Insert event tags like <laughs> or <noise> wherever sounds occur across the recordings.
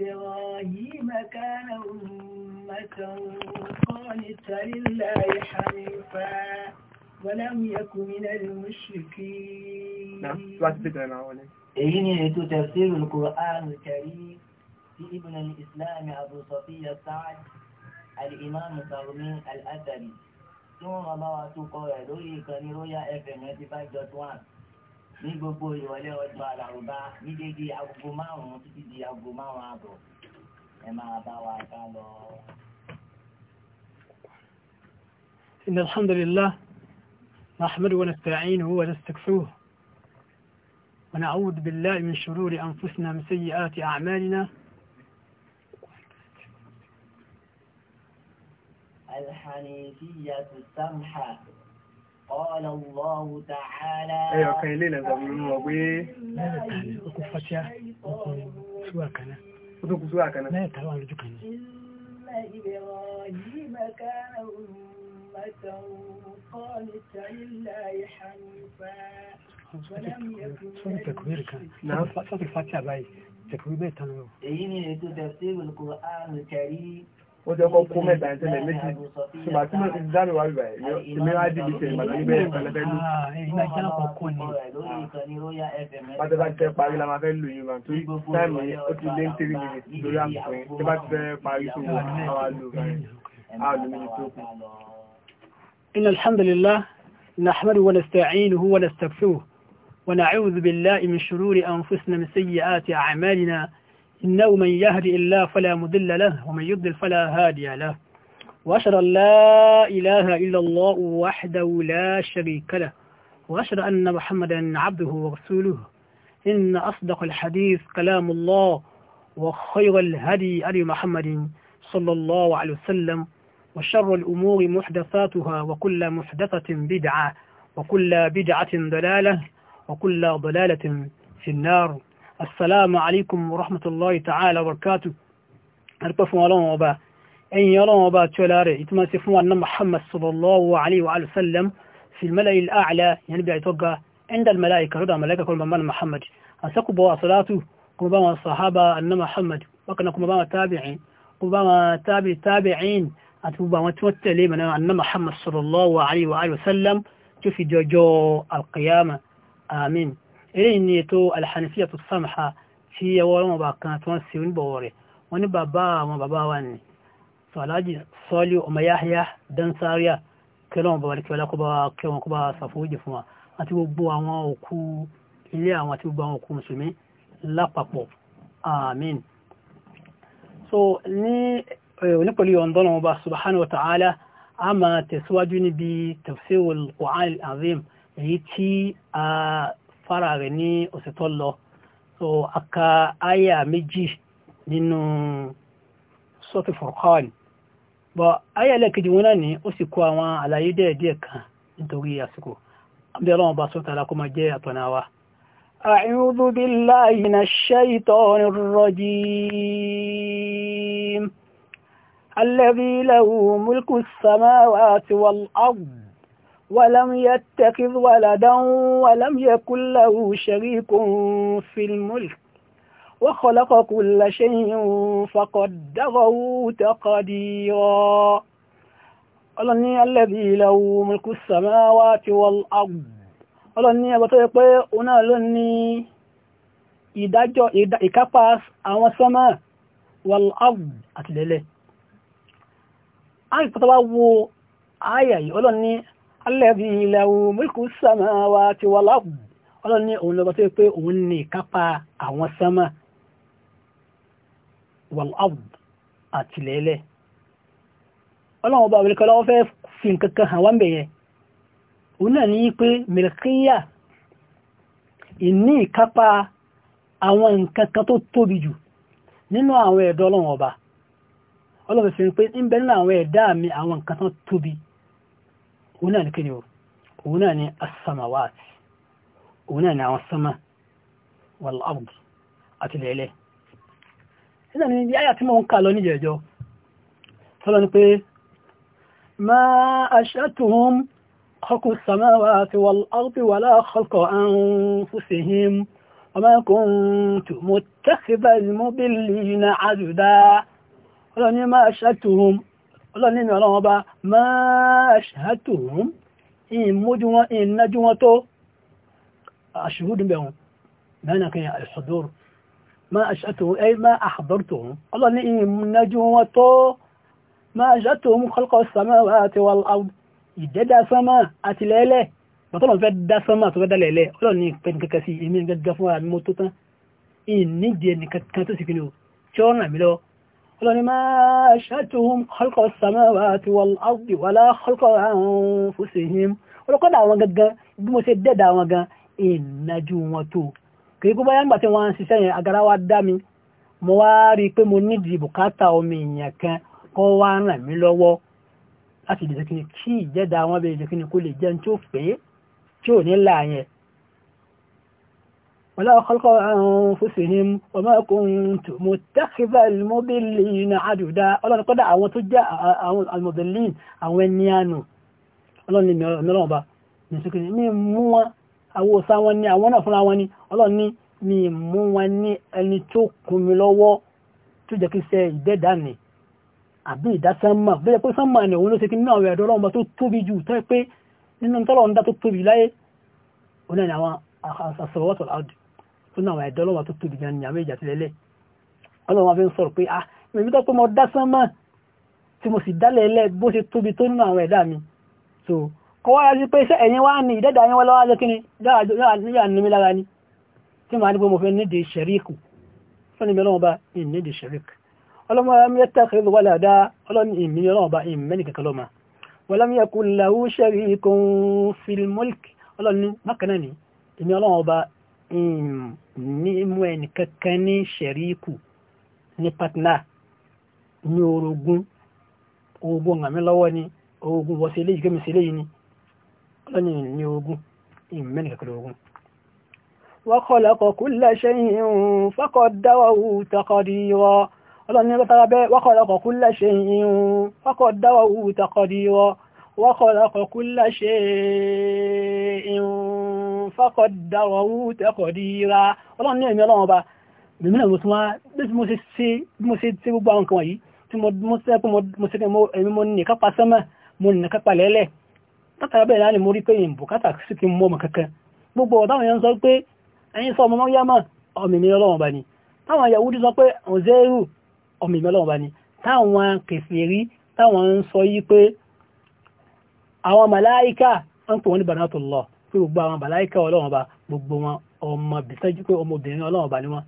إبراهيم كان أمة قانتا لله حنيفا ولم يكن من المشركين èyí ni ètò tafsir al-Qur'an al-Karim tí ibn al-Islam Abu Safiya Sa'd al-Imam Sarmi al-Athari tí wọ́n máa bá wa tó kọ rẹ̀ lórí ìkànnì Royal FM 95.1 ní gbogbo ìwọlé ọjọ́ àlàrúbá ní dédé agogo márùn-ún títí di agogo márùn-ún àbọ̀ ẹ máa bá wa ká lọ. إن الحمد لله نحمده ونستعينه ونستكفوه ونعوذ بالله من شرور أنفسنا من سيئات أعمالنا الحنيفية السمحة ẹyọ kan ilé ìlànà ìwé wọn pé okùn fàṣíà okùn súwà kaná okùn súwà kaná lẹ́yìn tàwọn àlójú kan ní. sọ́ni tẹ̀kùrẹ́rì kan sọ́ni tẹ̀kùrẹ́rì bẹ́ẹ̀ tán lọ. èyí ni ètò tẹ̀síwìlì kò àrùn kẹrí ó jẹ́ kọ́ kó mẹ́ta ìtẹ́lẹ̀ méjì ṣùgbọ́n tí wọ́n ti dáre wá bíbá ẹ̀ ìmí wá dìbì tẹ̀lé màtà níbẹ̀ ìpẹlẹbẹ lù. pàtó bá ti fẹ́ parí la máa fẹ́ lù yìí máa torí táìmù ó ti lé ní three minutes lórí àpò yẹn tí bá ti fẹ́ parí tó wọ àwọn àlùmí àlùmí tó kù. إن الحمد لله نحمده ونستعينه ونستغفره ونعوذ بالله من شرور أنفسنا من سيئات أعمالنا إنه من يهدي الله فلا مدل له ومن يضل فلا هادي له وأشهد أن لا إله إلا الله وحده لا شريك له وأشهد أن محمدا عبده ورسوله إن أصدق الحديث كلام الله وخير الهدي أبي محمد صلى الله عليه وسلم وشر الأمور محدثاتها وكل محدثة بدعة وكل بدعة ضلالة وكل ضلالة في النار asalaamu alaykum wa rahmatulahi ta'ala wa barakatu arpa fún ọlọ́run ọba ẹ̀yìn ọlọ́run ọba tí ó láàrẹ̀ ìtumọ̀ sí fún wannan muhammad sallallahu alayhi wa sallam fi malayil a'la yẹn bí i tó ga inda malaika rọ́dà malaika kuma bambam muhammad a saku bawa salatu kuma ba ma sahaba anna muhammad wakana kuma ba ma tabi'in kuma ba ma tabi tabi'in àti gbogbo àwọn mana anna muhammad sallallahu alayhi wa sallam tó fi jọjọ alqiyama amin eléyìí ni ètò alhànífíà tó sàmìhà tí ẹwọ́ ọlọ́wọ́ bá kan tí wọ́n ṣe oníbọ̀wọ̀ rẹ̀ wọ́n ní bàbá àwọn bàbá wa ni sọ̀lájì sọ́lé ọmọ yáhíyá dansaria kẹlọ́wọ́n bàbá kẹwàá kó bá kẹwọn kó bá sàfòójì fún wa àti gbogbo àwọn òkú ilé so ní onípẹ̀lú eh, ọ̀ndọ́nà ọba subhanahu wa ta'ala a máa tẹ̀síwájú níbi tafsirul Qur'an al fara rẹ̀ ní ọ̀sẹ̀ tó lọ so aka aya méjì nínú sọ́tù Furqan bọ̀ aya lẹ́kejì wọn náà ni ó sì kó àwọn àlàyé díẹ̀díẹ̀ kan nítorí àsìkò abdul ọba sọ́tà alákọ́mọ jẹ́ àtọ̀nà wa. أعوذ بالله من الشيطان الرجيم الذي له ملك السماوات والأرض ولم يتخذ ولدا ولم يكن له شريك في الملك وخلق كل شيء فقدره تقديرا ọlọ́ni alẹ́bí ìlàwó mulku sàmáwá ti wal ard ọlọ́ni ẹgbẹ̀tọ́ pé ọ̀nà ló ní ìdájọ́ ìkápá àwọn sánmà wal ard àtìlẹ́lẹ̀ ayìkọ́tọ́ wá wo ayayi ọlọ́ni alẹ́bí lahu mulku samawati wal ard waa ní òun lọ́gbọ́ tó pé òun ní ìkápá àwọn sánmà awọn sama àtìlẹ́lẹ̀ ọlọ́run ọba àwẹ̀lẹ́kọ́ lọ́wọ́ nínú àwọn ẹ̀dọ́ ọlọ́run ọba ọlọ́run fi ń pé ń bẹ nínú àwọn ẹ̀dá mi àwọn nǹkan òun náà ní kí ni o òun náà ní as-samawati òun náà ní àwọn sánmà wal-ard àti lẹ́lẹ́ nígbà ní ibi ayà tí mo ń kà lọ níjẹ̀jọ́ tọ́lọ ni pé ma ashatuhum khalqu as-samawati wal-ard wala khalqa anfusihim وما كنت متخذ المضلين عددا ولن ما أشأتهم ọlọ́nìmí ọlọ́wọ́n bá máa ṣàtò wọn ìmójú wọn ìnájú wọn tó aṣùhúdù bẹ̀wọ̀n mẹ́rin kan àìsọ̀dọ́r máa ṣàtò wọn ẹ́ máa àbọ̀rtò wọn ọlọ́ní ìnájú wọn tó máa ṣàtò wọn kọ́lọ́kọ́ sàmà àti wà ìdẹ́dà sàmà àti lẹ́lẹ́ bàtọ́lọ̀ fẹ́ dá sàmà tó fẹ́ dá lẹ́lẹ́ ọlọ́ní قال ما أشهدتهم خلق السماوات والأرض ولا خلق أنفسهم ولقد àwọn gangan bí mo ṣe dẹ́dà àwọn gan ìnájú wọn tó kìí kó báyá ń gbàtí wọn ṣiṣẹ́ yẹn agara wá dá mi mo wá rí i pé mo nídìí bùkátà omi èèyàn kan kọ́ wá ràn mí lọ́wọ́ láti lè jẹ́kíni kí ìjẹ́dà wọn bẹ̀rẹ̀ jẹ́kíni kó lè jẹun tí ó pé tí ò ní là yẹn ولا خلق أنفسهم وما كنت متخذ المضلين عددا ولا نقضى àwọn tó jẹ́ àwọn المضلين àwọn ẹniyànù ọlọ́ni mìíràn ọba nìsókè ní mú wọn àwọn òsá wọn ni àwọn náà fúnra wọn ni ọlọ́ni mi mú wọn ní ẹni tó kún mi lọ́wọ́ tó jẹ́ kí sẹ ìdẹ́dà nì àbí ìdásánmà bí ẹ pé sánmà ni òun ló ṣe kí nínú àwọn ẹ̀dọ́ ọlọ́mọ tó tóbi jù tó pé nínú tọ́lọ̀ ń dá tó tóbi láyé òun náà ni àwọn àṣàṣọ̀rọ̀wọ́tọ̀ láàdì tó náà ẹ̀dọ́ lọ́wọ́ tó tóbi gan ni àmì ìjà tilẹ̀lẹ̀ ọlọ́wọ́ fi ń sọ̀rọ̀ pé ah mẹ̀mí tó pé mo dá sánmà tí mo sì dálẹ̀ ẹlẹ́ bó ṣe tóbi tó nínú àwọn ẹ̀dá mi so kọ́ wá yájú pé iṣẹ́ ẹ̀yìn wá ní ìdẹ́dà yẹn wọ́lọ́wọ́ ajọ́ kíni dáadáa ní mi lára ni tí màá ní pé mo fẹ́ nídìí ṣẹ̀ríkù fún mi ọlọ́wọ́ bá ìnídìí ṣẹ̀ríkù ọlọ́mọ ẹ̀mí ẹ̀tẹ́kẹ̀ẹ́ wà dáadáa ọlọ́ni ìmí ọlọ́wọ́ bá ìmẹ́nì kẹ̀kẹ́ lọ́mọ wọ́lọ́mí ẹkùn làwú ṣẹ̀ríkù fil mulk ọlọ́ni mákànnà ni ìmí ọlọ́wọ́ bá ní mú ẹnì kankan ní ṣẹ̀ríkù ní patna ní orogún ogun ọ̀nàmí lọ́wọ́ ni ogun wọ́sẹ̀ eléyìí gẹ́mi sí eléyìí ni ọlọ́ni ní ogun ìmẹ́nì ogun وخلق كل شيء فقدره تقديرا ọlọ́ni ẹgbẹ́tara bẹ́ وخلق faqad darawu taqdira ọlọ́run ní ẹ̀mí ọlọ́run ọba bèmí náà mo tún wá bí mo ṣe ṣe bí mo ṣe ṣe gbogbo àwọn nǹkan wọ̀nyí tí mo ṣe pé mo ṣe mo ẹ̀mí mo nìkan pa sánmà mo nìkan pa lẹ́lẹ̀ látara bẹ́ẹ̀ láti mo rí pé yìnbó kátà sí kí n mọ́ ọmọ kankan gbogbo ọ̀táwọn yẹn ń sọ pé ẹ̀yin sọ ọmọ mọ́ yá mọ́ ọmọ ìmí ọlọ́run ọba ni táwọn Yahudi sọ pé ọ̀zẹ́rù ọmọ ìmí ọlọ́run ọba ni táwọn kèfèrí táwọn ń sọ yí pé àwọn màláíkà ń pè wọ́n ní banatullah pé gbogbo àwọn bàláìkà ọlọ́run ọba gbogbo wọn ọmọ bìtẹ́jú pé ọmọbìnrin ọlọ́run ni wọn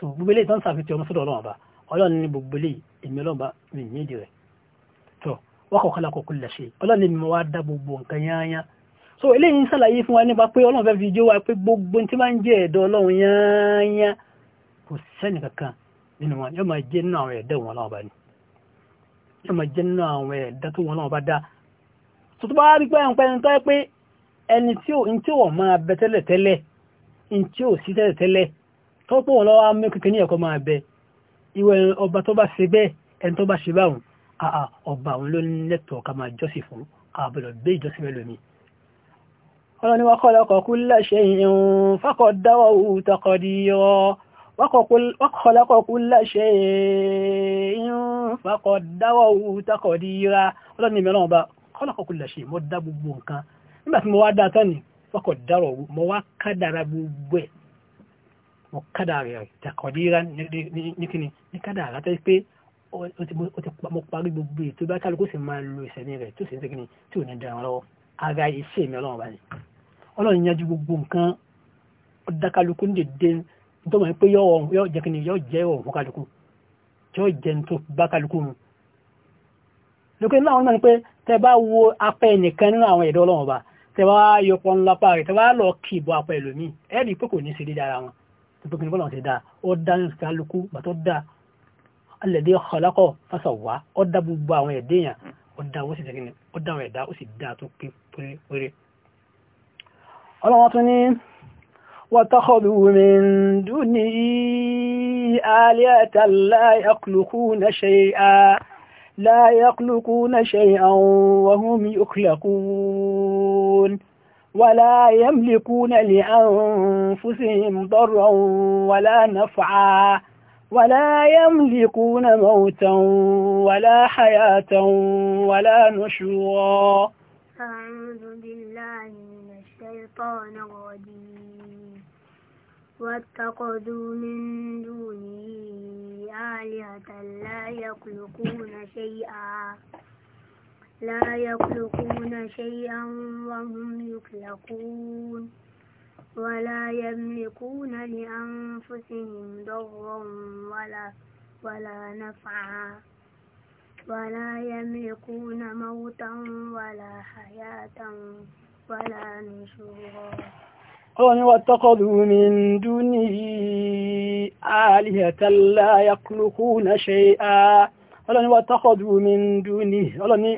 so gbogbo eléyìí tó ń sàfihàn ọmọ sọ́dọ̀ ọlọ́run ọba ọlọ́run ní gbogbo eléyìí èmi ọlọ́run ọba mi ní ìdí rẹ̀ tó wọ́n kọ̀ kọ́lá kọ̀kọ́ lẹ̀ ṣe ọlọ́run mi wá dá gbogbo nǹkan yányá so eléyìí ń sàlàyé fún wa nípa pé ọlọ́run fẹ́ fi jó wa pé gbogbo ni yóò máa jẹ́ nínú àwọn ẹ̀dá tó wọn ọlọ́run ọba dá so tó bá rí pé àwọn pẹ́ni ẹni tí ò tí ò máa bẹ tẹ́lẹ̀ tẹ́lẹ̀ tí ò sí tẹ́lẹ̀ tẹ́lẹ̀ tó pọ̀ wọn lọ́wọ́ mẹ́kẹ́kẹ́ ní ẹ̀kọ́ máa bẹ ìwẹ̀ ọba tó bá ṣe bẹ́ẹ̀ ẹni tó bá ṣe báwọn àà ọba àwọn ló lẹ́tọ̀ọ́ ká máa jọ́sìn fún àbẹ̀lọ̀ gbé ìjọsìn rẹ̀ lómi. ọlọ́ni wákọ̀lọ́kọ̀ kulla shay'in faqaddahu taqdira wákọ̀lọ́kọ̀ kulla shay'in faqaddahu taqdira ọlọ́ni mẹ́rán ọba kọ́lọ́kọ̀ kulla shay'in mọ́ dá gbogbo nǹkan nígbà tí mo wá dáa tánì fọ́kọ̀ dárọ̀ mo wá kádàrà gbogbo ẹ̀ mo kádàrà ìtàkọ̀díra ní kíni ní kádàrà látẹ́ pé mo parí gbogbo ètò bá kálukú sì máa lo ìsẹ̀mí rẹ̀ tó sì ń tẹ́kíní tí ò ní dá wọn lọ́wọ́ ara iṣẹ́ mi ọlọ́run bá ní ọlọ́run yanjú gbogbo nǹkan ọ̀dá kálukú ń dèdè tó mọ̀ pé yóò jẹ́ kíni yóò jẹ́ ọ̀hún kálukú yóò jẹ́ tó bá kálukú mu lókè náà wọn náà ni pé tẹ bá wo apẹ́ nìkan nínú àwọn ẹ̀dọ́ ọlọ́run ọba tẹwà yọpọ̀ ńlá parí tẹwà lọ kí ìbò apá ẹlòmí ẹ̀rí pé kò ní sí dídára wọn tó pé kí ní bọ́lá ti dá ó dá ní kálukú gbà tó dá alẹ́dẹ́ ọ̀kọ̀lákọ̀ fásọ̀ wá ó dá gbogbo àwọn ẹ̀dẹ́yàn ó dá ó sì tẹ́kí ni ó dá àwọn ẹ̀dá ó sì dá tó pé péré. ọlọ́wọ́n tún ní واتخذوا من دونه آلهة لا يخلقون شيئا لا يخلقون شيئا وهم يخلقون ولا يملكون لأنفسهم ضرا ولا نفعا ولا يملكون موتا ولا حياة ولا نشوا أعوذ بالله من الشيطان الرجيم واتقدوا من دونه آلهة لا يخلقون شيئا لا يخلقون شيئا وهم يخلقون ولا يملكون لأنفسهم ضرا ولا ولا نفعا ولا يملكون موتا ولا حياة ولا نشورا ọ̀rọ̀ واتخذوا من دونه آلهة لا يخلقون شيئا ọlọ́ni واتخذوا من دونه ọlọ́ni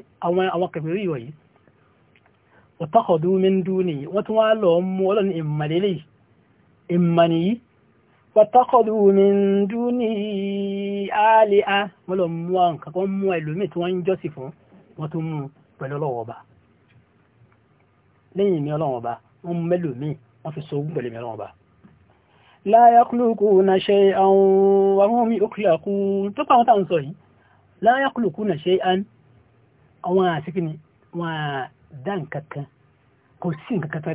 àwọn kẹfẹ̀rí wọ̀nyí واتخذوا من دونه wọ́n tún wá lọ mú ọlọ́ni ìmàlélẹ̀ ìmàní واتخذوا من دونه آلهة wọ́n mú àwọn kankan mú ẹlòmí wọ́n fi sógún pẹ̀lú mẹ́rin ọba láyákùlùkù na ṣe àwọn wàhúnmí òkúlàkù tó pàwọn tàà ń sọ yìí láyákùlùkù na ṣe àwọn àsìkíní wọn dá nkankan kò sí nkankan tó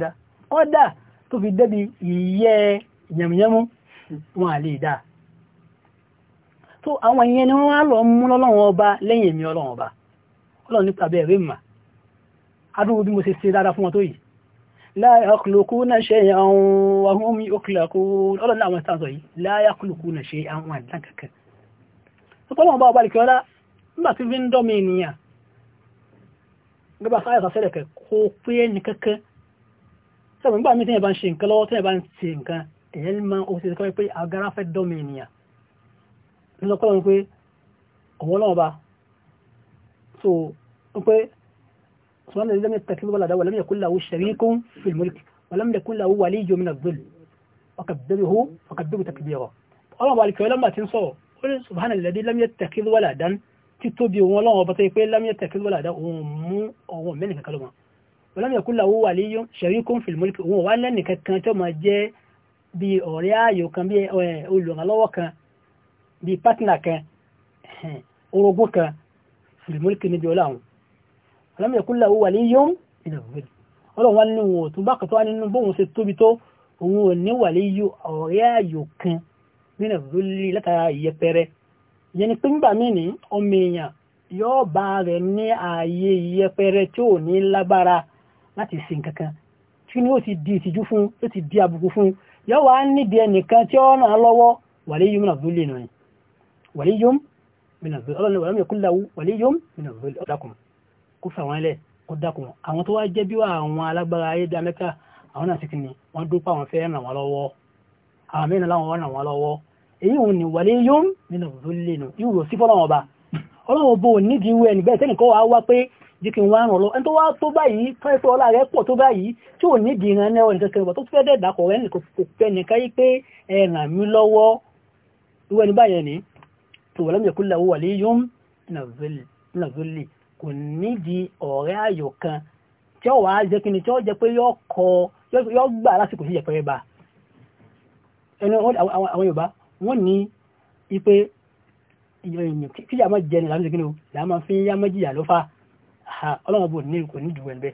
dá tó fi débi ìyẹ́ yẹmúyẹmú wọn à lè dá tó àwọn ìyẹn ni wọ́n á lọ mú lọ́lọ́wọ́n ọba lẹ́yìn èmi ọlọ́wọ́n ọba ọlọ́run nípa bẹ́ẹ̀ rí mà adúgbò bí mo ṣe ṣe dáadáa fún wọn tó yìí la yakhluquna shay'an wa hum yukhlaqun ọlọ́run náà wọ́n sáàsọ̀ yìí la yakhluquna shay'an wọn àdán kankan ọkọ̀lọ́wọ́n bá ọbalìkẹ́ ọlá nígbà tí fi ń dọ́mọ ènìyàn gbọ́gbà sáyẹ̀ sàfẹ́lẹ̀ kẹ́ kó pé ní kankan sọ́rọ̀ nígbà mítí ẹ̀bá ń ṣe nǹkan lọ́wọ́ tí ẹ̀bá ń ṣe nǹkan èyàn máa ó ti kọ́ pé agara fẹ́ dọ́mọ ènìyàn lọ́kọ́lọ́wọ́n pé ọ̀wọ́lọ́wọ́ bá so pé سبحان الذي لم يتخذ ولدا ولم يكن له شريك في الملك ولم يكن له ولي من الظل وكبره فكبره تكبيرا ọlọ́run balẹ̀ kẹ́wẹ́ lọ́mà tí ń sọ̀rọ̀ ó ní subhana alladhi lam yattakhidh waladan títóbi òun ọlọ́run ọba tó yẹ pé lam yattakhidh waladan òun mú ọ̀hún mẹ́rin kankan lọ́mọ lam yakun lahu waliyyun sharikun fil mulk òun wà lẹ́nì kankan tó máa jẹ́ bí ọ̀rẹ́ ayò kan bí olùrànlọ́wọ́ kan bí pátínà kan orogún kan fil mulk níbi ọlọ́run alámi ìkúlẹ̀ owó wà ní yóò ìdà òfin ọlọ́run wá nínú wọn tó bá kàtọ́ wá nínú bóun ṣe tóbi tó òun ò ní wà léyò ọ̀rẹ́ ààyò kan nínú ìrọ̀lẹ́ látara ìyẹpẹrẹ yẹn ni pé nígbà míì ní ọmọ èèyàn yóò bá rẹ̀ ní ààyè ìyẹpẹrẹ tí ò ní lágbára láti sin kankan tí ni ó ti di ìtìjú fún ó ti di àbùkù fún yóò wá nídìí ẹnìkan tí ó ràn lọ́wọ́ wà léyò mìíràn ìrọ̀lẹ́ nù wà léyò mìíràn ìrọ̀lẹ́ ọlọ́run wà léyò mìíràn ìrọ̀lẹ́ ọlọ́kùnrin kó fà wọ́n lẹ̀ kó dákun àwọn tó wá jẹ́ bí wà àwọn alágbára ayé dá mẹ́ta àwọn náà sì kìíní wọ́n dúpọ̀ àwọn fẹ́ ràn wọ́n lọ́wọ́ àwọn mẹ́rin láwọn wọ́n ràn wọ́n lọ́wọ́ èyí òun ni wàlé yóò nínú ìlú nù yóò rò sí fọ́lọ́wọ́n ọba ọlọ́wọ́ bó nídìí irú ẹni bẹ́ẹ̀ tẹ́nìkan wá wá pé jí kí n wá ràn lọ ẹni tó wá tó báyìí tó ẹ pé ni tó kò nídìí ọ̀rẹ́ ayò kan tí ó wà á jẹ́ kíni tí ó jẹ́ pé yọ́ kọ yọ́ gbà lásìkò sí yẹpẹrẹ bá ẹni àwọn Yorùbá wọ́n ní ipe kí yàmọ́ jẹ ní làmúṣe kíni o làmọ́ fi yàmọ́ jìyà ló fà ọlọ́run bò ní kò nídìí wẹ̀ níbẹ̀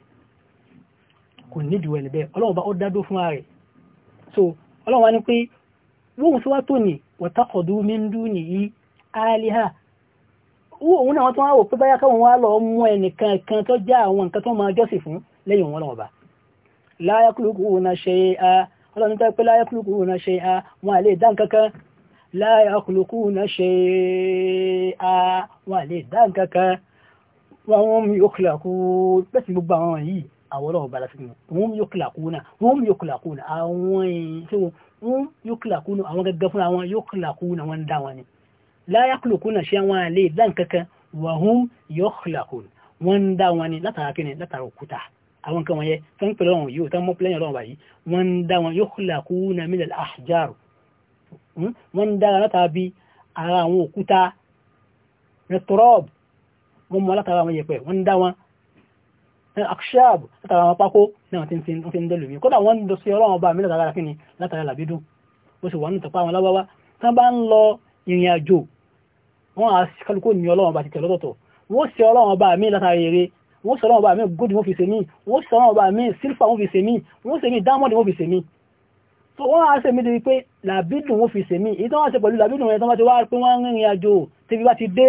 kò nídìí wẹ̀ níbẹ̀ ọlọ́run bá ó dádó fún ààrẹ so ọlọ́run wá ní pé wọ́n sọ wá tó ní wọ́tàkọ̀dú mi ń dún nìyí áálíhà òun náà wọ́n tó wá wò pé báyá káwọn wá lọ mú ẹnìkan kan tó já àwọn nǹkan tó máa jọ́sìn fún lẹ́yìn wọn lọ́wọ́ bá láyákùlùkù ṣe a ọlọ́run tó pé láyákùlùkù na ṣe a wọn àlè dá nǹkankan láyákùlùkù na a wọn àlè dá nǹkankan wọn mú yóò kìlàkú pẹ́sì gbogbo àwọn yìí àwọn ọlọ́wọ́ bá lásìkò wọn mú yóò kìlàkú náà wọn mú yóò kìlàkú náà àwọn yìí tó yóò kìlàkú náà dá wọn ni la yakhluquna shay'an wọn lè dá nǹkankan wa hum yukhlaqun wọ́n ń dá wọn ni látara kí ni látara òkúta àwọn nǹkan wọ̀nyẹ tó ń pè lọ́wọ́ yóò tán mọ́ pẹ́lẹ́yìn ọlọ́wọ́ báyìí wọ́n ń dá wọn yukhlaquna min al-ahjar wọ́n ń dá wọn látara bí ara àwọn òkúta rẹtọrọ́ọ̀bù wọ́n mọ́ látara àwọn yẹ̀pẹ̀ wọ́n ń dá wọn akṣáàbù látara àwọn pákó náà tí ń fi ń dẹ̀lù mi kódà wọ́n ń dọ̀ sí ọlọ́wọ́ bá mi látara kí ni látara làbídùn ó sì wọ́n ń tọ́pá àwọn lábáwá tán bá ń lọ ìrìn àjò wọ́n á kálukú ní ọlọ́wọ́n bá ti tẹ̀ lọ́tọ̀ọ̀tọ̀ wọ́n ṣe ọlọ́wọ́n bá mí látara eré wọ́n ṣe ọlọ́wọ́n bá mí góòdù wọ́n fi ṣe mí wọ́n ṣe ọlọ́wọ́n bá mí sílfà wọ́n fi ṣe mí wọ́n ṣe mí dámọ́dì wọ́n fi ṣe mí so wọ́n á ṣe mí débi pé làbídùn wọ́n fi ṣe mí èyí tó wọ́n ṣe pẹ̀lú làbídùn wọn tó wọ́n ti wá pé wọ́n rìnrìn àjò tẹ́bí bá ti dé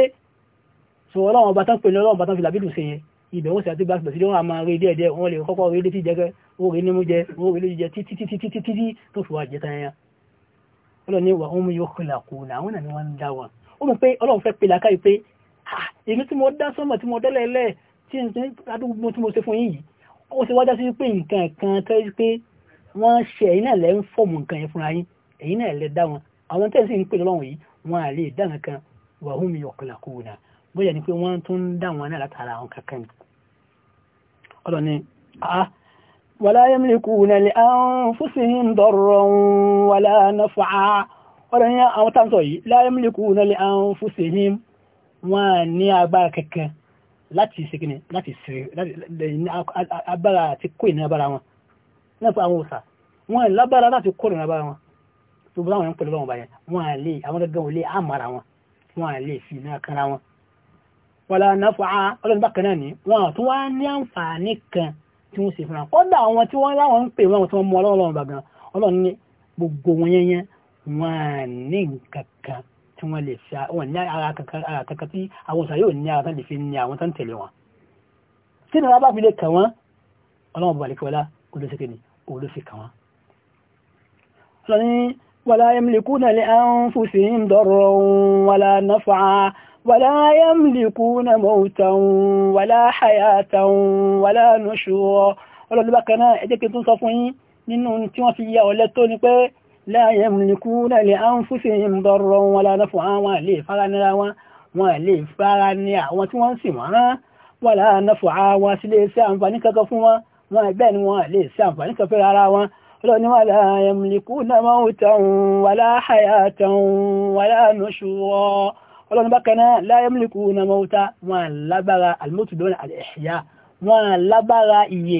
so ọlọ́wọ́n bá tán pè ní ọlọ́wọ́n bá tán fi làbídùn ṣe yẹn ibẹ̀ wọ́n sì àti bá pẹ̀sí wọ́n a máa rí díẹ̀díẹ̀ wọ́n lè kọ́kọ́ rí létí jẹ́gẹ́ wọ́n rí nímú jẹ wọ́n rí létí jẹ títí títí títí tó fi wá jẹ tán yẹn ọlọ́ni wà ó mú yóò kọlà kù náà àwọn àni wọ́n ń dá wọn ó mọ̀ pé ọlọ́run fẹ́ pe làákàyè pé èmi tí mo dá sọ́mọ̀ tí mo dẹ́lẹ̀ lẹ̀ tí n adúgbò tí mo ṣe fún yìí ó ṣe wájá sí pé nǹkan kan tó ṣe pé wọ́n ṣe ẹ̀yin náà lẹ́ ń fọ̀mù nǹkan yẹn fúnra yín ẹ̀yin náà lẹ́ dá wọn ولا يملكون لأنفسهم ضرا ولا نفعا ọ̀rọ̀ yẹn àwọn tàbí yìí la yamlikuna li anfusihim wọ́n ní agbára kẹ́kẹ́ láti ṣekínẹ̀ láti ṣe agbára àti kó ìnà agbára wọn nípa àwọn òsà wọ́n lágbára láti kó ìnà agbára wọn tó bú láwọn pẹ̀lú àwọn bàyẹ̀ wọ́n lè àwọn gẹ́gẹ́ olè àmàrà wọn wọ́n lè fi iná kanra wọn wala naf'a ọlọ́nà bákan náà ni wọ́n tún wá ní àǹfààní kan tí wọ́n ṣe fúnra kọ́dà àwọn tí wọ́n láwọn ń pè wọ́n tí wọ́n mú ọlọ́run lọ́wọ́ bàgán ọlọ́run ní gbogbo wọn yẹn wọn ní kankan tí wọ́n lè fi wọn ní ara kankan tí àwọn òṣà yóò ní ara tán lè fi ní àwọn tán tẹ̀lé wọn. tí nira bá fi lè kàn wọ́n ọlọ́run bàbá àlekọ́lá olóṣèké ni olóṣè kàn wọ́n. ọlọ́run wàlá yamlikuna li anfusihim darran wàlá naf'a ولا يملكون موتا ولا حياة ولا نشورا ọlọ́dún bákan náà ẹjẹ́ kí n tún sọ fún yín nínú tí wọ́n fi yà ọ̀lẹ́ tó ní pé لا يملكون لأنفسهم ضرا ولا نفعا wọn lè fara nira wọn wọn lè fara ní àwọn tí wọ́n sì wọ́n rán ولا نفعا wọn sì ọlọ́run bákanáà la na mauta wọn lágbára al-mautu duna al-ihya wọn lágbára iye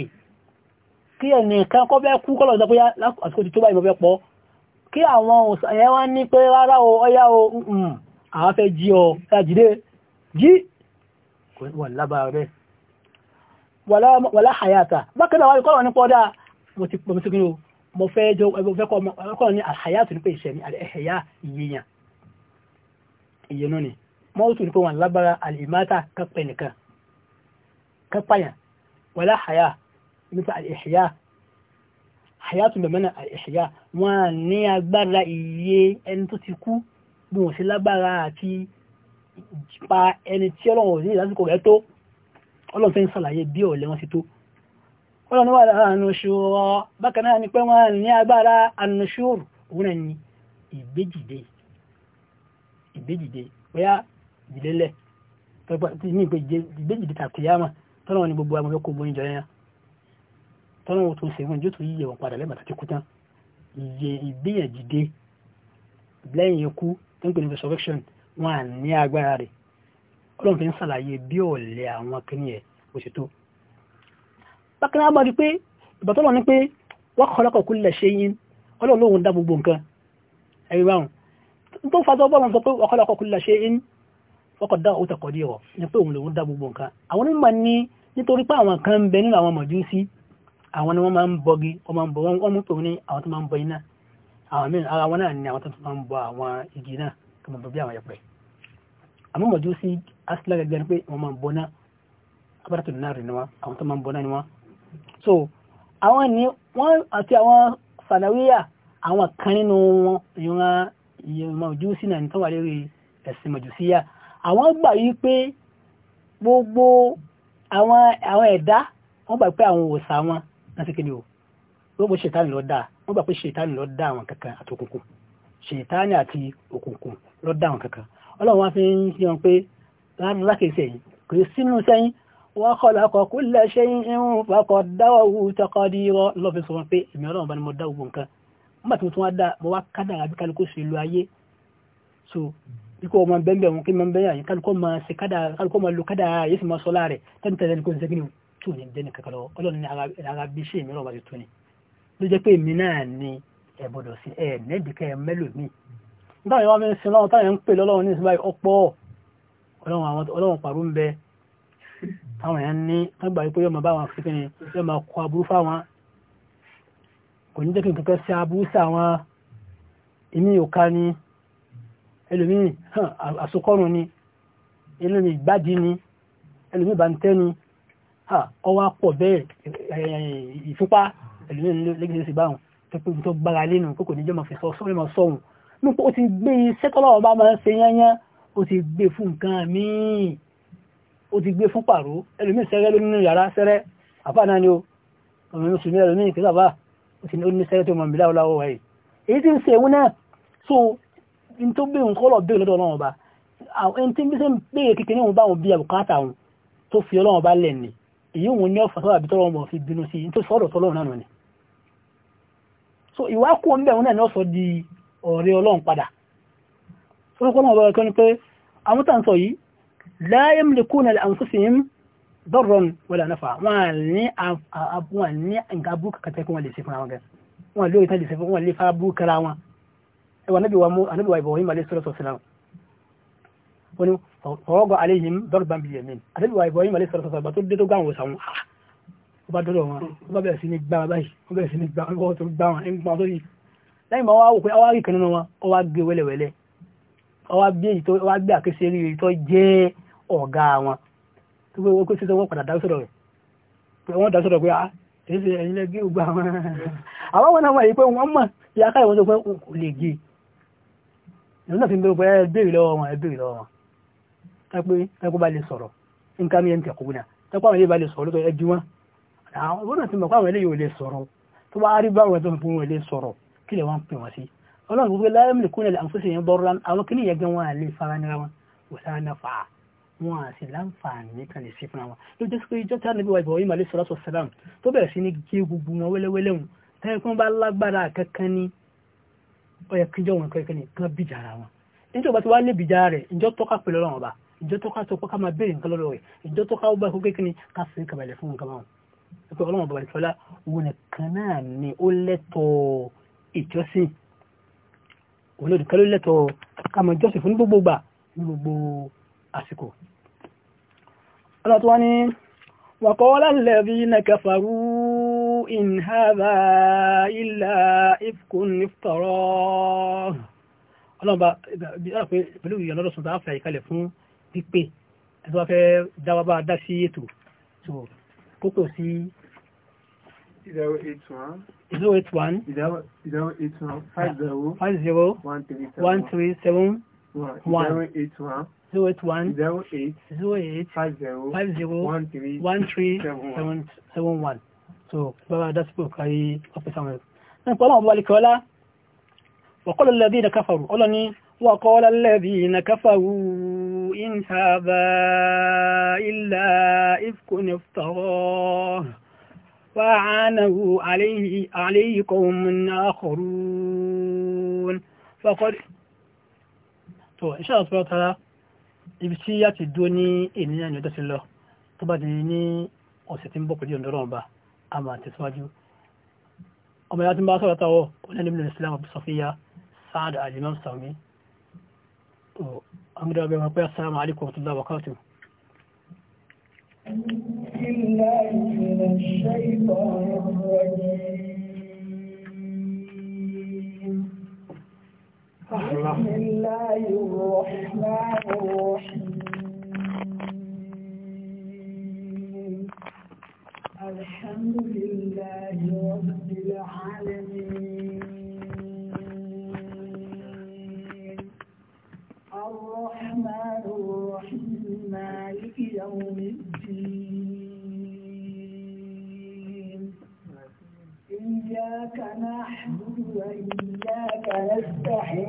kí ẹnìkan kọ́ bẹ́ kú kọ́lọ̀ ìjọpọ̀ yá àsìkò ti tó báyìí mọ́ fẹ́ pọ̀ kí àwọn òṣèré wá ní pé rárá o ọyá o àwọn fẹ́ jí ọ ṣàjídé jí wọ́n lágbára hayata bákanáà wá kọ́lọ̀ nípa ọdá mo ti pọ̀ mo fẹ́ jọ ẹgbẹ́ fẹ́ kọ́ ní al-hayatu ìyẹnú ni mọ́wútù ní pé wọ́n lágbára alìmáta kápẹ́ nìkan kápáyàn wala haya nípa alìhìyà haya tún bẹ̀mẹ́nà alìhìyà wọ́n ní agbára iye ẹni tó ti kú bí wọ́n sí lágbára àti pa ẹni tí ọlọ́run ní ìlàsìkò rẹ̀ tó ọlọ́run fẹ́ ń sàlàyé bí ìgbéjìde bóyá ìdílélẹ̀ ní ìgbéjìde tàkìyàmà tọ́nà wọn ni gbogbo àwọn ọkọ̀ ogun ìjọ yẹn tọ́nà wọn tó ṣe wọn yóò tó yíyẹ wọn padà lẹ́bàtà tí kú tán ìyẹ ìgbéyàjìde lẹ́yìn ikú tó ń pè ní resurrection wọn à ní agbára rẹ̀ ọlọ́run fi ń ṣàlàyé bí ọ̀lẹ àwọn kìíní ẹ̀ bó ṣe tó bákan náà bá rí pé ìbátọ́lọ́ ni pé wa khalaqa kulla shay'in ọlọ́run lóhun dá gbogbo nǹkan ẹ̀rí báwọn tó fàtọ́ bọ́lá sọ pé ọ̀kọ́lọ́kọ́ kúlẹ̀ ṣe ń fọ́kọ̀dá òótọ́ kọ́ díẹ̀ wọ̀ ni pé òun lòun dá gbogbo nǹkan àwọn onímọ̀ ní nítorí pé àwọn kan ń bẹ nínú àwọn mọ̀júsí àwọn ni wọ́n máa ń bọgi wọ́n máa ń ní àwọn tó máa ń bọ iná ni àwọn tó máa ń bọ àwọn igi náà tó máa ń bọ bí àwọn ẹ̀pẹ̀ àmọ́ mọ̀júsí asílẹ̀ gẹ́gẹ́ so àwọn ni wọ́n àti àwọn sànàwíyà àwọn kan nínú wọn ìran mọ̀júsí náà tó wà lérí ẹ̀sìn mọ̀júsíyà àwọn gbà yí pé gbogbo àwọn ẹ̀dá wọ́n gbà pé àwọn òòṣà wọn náà sí kí ni o gbogbo ṣètánì ló dá wọ́n gbà pé ṣètánì ló dá àwọn kankan àti òkùnkùn ṣètánì àti òkùnkùn ló dá àwọn kankan ọlọ́run wá fi ń fi hàn pé lákèsè yìí kò sínú sẹ́yìn wọ́n kọ́ lákọ̀ kó lẹ́ṣẹ́ yìí ń fakọ̀ dáwọ̀ wù tọkọ dírọ́ lọ́fi sọ wọn pé ìmọ̀ ọlọ́run bá ni mo dá gbogbo nǹkan nígbà tí mo tún wá dá mo wá kádàrà bí kálukú ṣe lo ayé so ikú ọmọ bẹ́ẹ̀ wọn kí n máa bẹ́ẹ̀ yẹn kálukú máa ṣe kádàrà kálukú máa lo kádàrà yìí sì máa sọ láàrẹ̀ tẹ́ni tẹ́ni kò ń ṣe kíni tó ní dẹ́ni kankan lọ ọlọ́run ní ara ni ló jẹ́ pé èmi náà ni ẹ̀ gbọ́dọ̀ sí ẹ̀ nẹ́ẹ̀dìkẹ́ mẹ́lòmíì nígbà yẹn wọ́n fi ń sin kò ní jẹ́ kí nǹkan kan ṣe aburú sí àwọn ìmí òka ni ẹlòmíì àsokọ́rùn ni ẹlòmíì gbájí ni ẹlòmíì bàǹtẹ́ ni ọwọ́ pọ̀ bẹ́ẹ̀ ìfúnpá ẹlòmíì lẹ́gbẹ̀ẹ́ sí báwọn pẹ̀pẹ́ tó gbára lẹ́nu kókò níjọ́ máa fi sọ sọ́rọ̀ máa sọ̀hún nípa ó ti gbé iṣẹ́ tọ́lọ́ ọba máa ń ṣe yányán ó ti ni ó ọmọ mi ó sì ní oníṣẹ́ tó mọ̀ mílá ọláwọ́ ẹ̀ èyí tí ń ṣe so in tó bèèrè ń kọ́lọ̀ bèèrè lọ́dọ̀ ọlọ́run ọba àwọn ẹni tí ń bí sẹ́ ń bèèrè kékeré wọn bá wọn bí àbùkátà wọn tó fi ọlọ́run ọba lẹ̀ ni ní ọ̀fà sọ́wọ́ àbí tọ́lọ́ wọn fi bínú sí tó sọ́dọ̀ tọ́lọ́run náà ni so ìwà kú ń bẹ̀ wọn náà ni ọ̀sọ̀ di ọ̀rẹ́ ọlọ́run padà orúkọ náà ọba ẹ̀kọ́ ni pé àwọn tá à sọ yìí la yamlikuna dọ́rọ̀n wọlé ànáfà wọn ní àbúwọn ní nǹkan abúkà kàtẹ́ kí wọ́n lè ṣe fún àwọn gan wọn lórí tán lè ṣe fún fa abúkara wọn ẹwà anábì wa mú anábì wa Ibrahim alẹ́ sọ́rọ̀ sọ́sílá wọn ni fọwọ́gọ́ alẹ́ yìí dọ́rọ̀bá bíi ẹ̀mí anábì wa Ibrahim alẹ́ sọ́rọ̀ sọ́sílá tó dé tó gáwọn òsàwọn ó bá dọ́rọ̀ wọn ó bá bẹ̀rẹ̀ sí ní gbá báyìí ó bẹ̀rẹ̀ sí ní gbá wọn tó gbá wọn ń gbá tó yìí lẹ́yìn máa wá wò pé tó gbé owó kó sí wọ́n padà dásọ̀rọ̀ rẹ̀ pé wọ́n dásọ̀rọ̀ pé a, ah, èsì ẹ̀yìn lẹ́gbẹ́ ògbà àwọn <laughs> àwọn wọn náà wà yìí pé wọ́n mọ̀ ya káyọ̀ wọn tó pé kò lè gé ìlú náà fi ń bẹ̀rù pé ẹ béèrè lọ́wọ́ wọn ẹ béèrè lọ́wọ́ wọn ẹ pé ẹ kó bá lè sọ̀rọ̀ nǹkan mi ẹ̀ ń tẹ̀ kó náà ẹ kó àwọn ilé bá lè sọ̀rọ̀ lọ́tọ̀ ẹ bí wọn àwọn ìwọ́n náà ti mọ̀ pé àwọn ilé yóò lè sọ̀rọ̀ tó bá rí báwọn tó ń pín wọn lè sọ̀rọ̀ kí lè wọ́n pín wọn sí ọlọ́run gbogbo láyé mi kúnlẹ̀ wọn à sì láǹfààní kan lè ṣe fúnra wọn ló jẹ́ pé ìjọ tí a níbi wa ìbọ̀wọ́ ìmàlẹ́ sọ́lá sọ sẹ́lám tó bẹ̀rẹ̀ sí ní gé gbogbo wọn wẹ́lẹ́wẹ́lẹ́ wọn táyà kí wọ́n bá lágbára kankan ní ọyẹ kíjọ wọn kankan ní kan bìjà ara wọn níjọ bá ti wá lè bìjà rẹ̀ ìjọ tọ́ka pẹ̀lú ọ̀rọ̀ ọba ìjọ tọ́ka tó kọ́ ká máa béèrè nǹkan lọ́rọ̀ rẹ̀ ìjọ tọ́ka ó bá kó kékeré ká sì ń kàbàlẹ̀ fún nǹkan báwọn ẹgbẹ́ ọlọ́run bàbá ìfọlá wo nìkan náà ni ó lẹ́tọ̀ọ́ ìjọsìn olódìkan ló lẹ́tọ̀ọ́ ká máa jọ́sìn fún gbogbo gbà ní gbogbo àsìkò ọlọ́tọ́wọ́ ni وقال الذين كفروا إن هذا إلا إفك افتراه ọlọ́ba pẹ̀lú ìyọ̀nà ọlọ́sùn tó á fẹ́ ìkalẹ̀ fún pípé ẹ̀tọ́ wá fẹ́ dáwàbá dá sí ètò so One three seven. One. 50 eight one. 08 08 so وقال الذين كفروا قلني وقال الذين كفروا إن هذا إلا إفك افتراه وعانه عليه عليه قوم آخرون فقد إن شاء الله سبحانه وتعالى ibi tí yá ti dúó ní ènìyàn ní ọjọ́ ti lọ tó bá di ní ọ̀sẹ̀ tí ń bọ̀ pẹ̀lú ọ̀dọ́rọ̀ ọba a máa tẹ̀síwájú ọmọ ìyá bá sọ̀rọ̀ táwọ̀ onílẹ̀ ìbílẹ̀ Islam Abu Safiya Sa'ad Al-Imam Sawmi O amúdá ọbẹ̀ wọn pé assalamu alaikum tó dáwọ̀ káàtù Thank you. بسم الله الرحمن الرحيم الحمد لله رب العالمين الرحمن الرحيم مالك يوم الدين إياك نعبد وإياك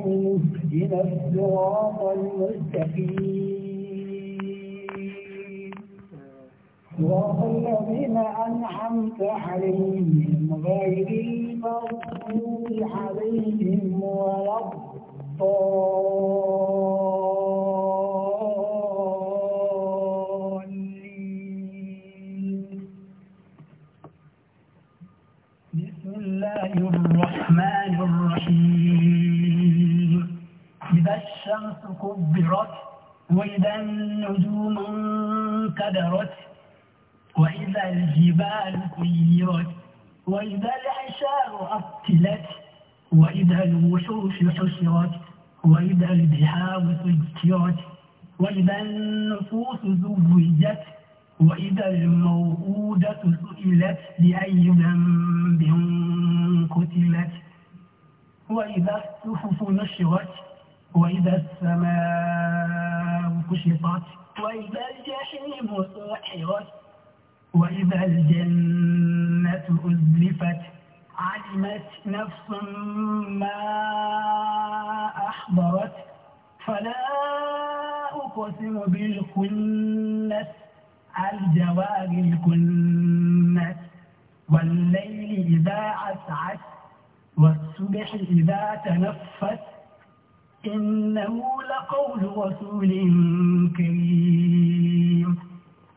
اهدنا الصراط المستقيم صراط الذين أنعمت عليهم غير المغضوب عليهم ولا الضالين كبرت وإذا النجوم انكدرت وإذا الجبال كيرت وإذا العشار أقتلت وإذا الوحوش حشرت وإذا البحار سجرت وإذا النفوس زوجت وإذا الموءودة سئلت بأي ذنب قتلت وإذا الصحف نشرت وإذا السماء كشطت وإذا الجحيم سحرت وإذا الجنة أزلفت علمت نفس ما أحضرت فلا أقسم بالكنس الجوار الكنس والليل إذا عسعس والصبح إذا تنفس إنه لقول رسول كريم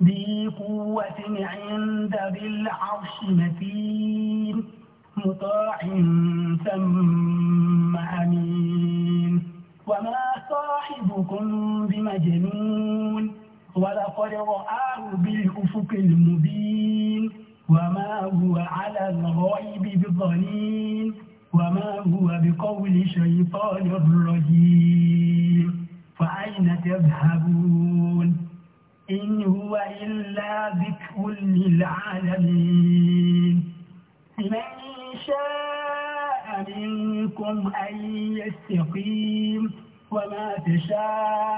ذي قوة عند ذي العرش متين مطاع ثم أمين وما صاحبكم بمجنون ولقد رآه بالأفق المبين وما هو على الغيب بظنين وما هو بقول شيطان الرجيم عليم لمن شاء منكم أن يستقيم وما تشاء